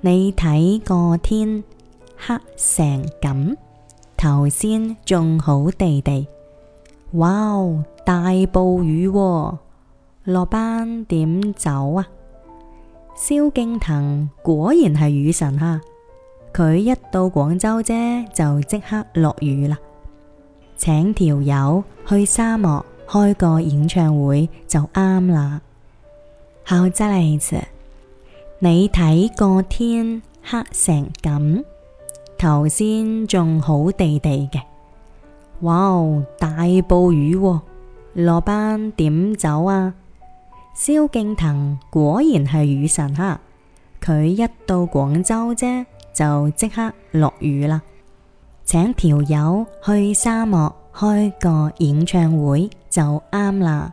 你睇個天黑成咁，頭先仲好地地，哇、wow,！大暴雨、喎，落班點走啊？蕭敬騰果然係雨神哈！佢一到廣州啫，就即刻落雨啦。請條友去沙漠開個演唱會就啱啦。好真嚟你睇個天黑成咁，頭先仲好哋哋嘅，哇、wow, 哦！大暴雨喎，落班點走啊？蕭敬騰果然係雨神哈，佢一到廣州啫就即刻落雨啦，請條友去沙漠開個演唱會就啱啦。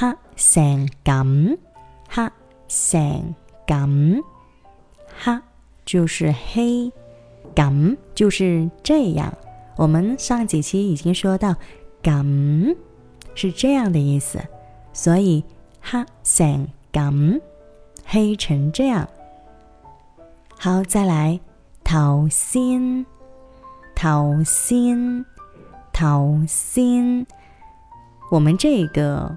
黑成咁，黑成咁，黑就是黑，咁就是這樣。我們上幾期已經說到，咁是這樣的意思，所以黑成咁，黑成這樣。好，再來頭先，頭先，頭先，我們這個。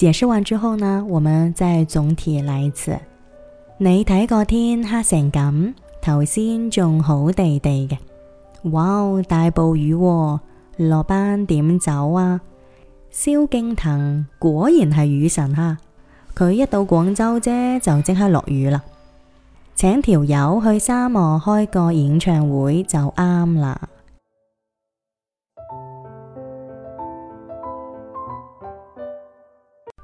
解釋完之後呢，我們再總體來一次。你睇個天黑成咁，頭先仲好哋哋嘅，哇！大暴雨喎，落班點走啊？蕭敬騰果然係雨神哈！佢一到廣州啫，就即刻落雨啦。請條友去沙漠開個演唱會就啱啦。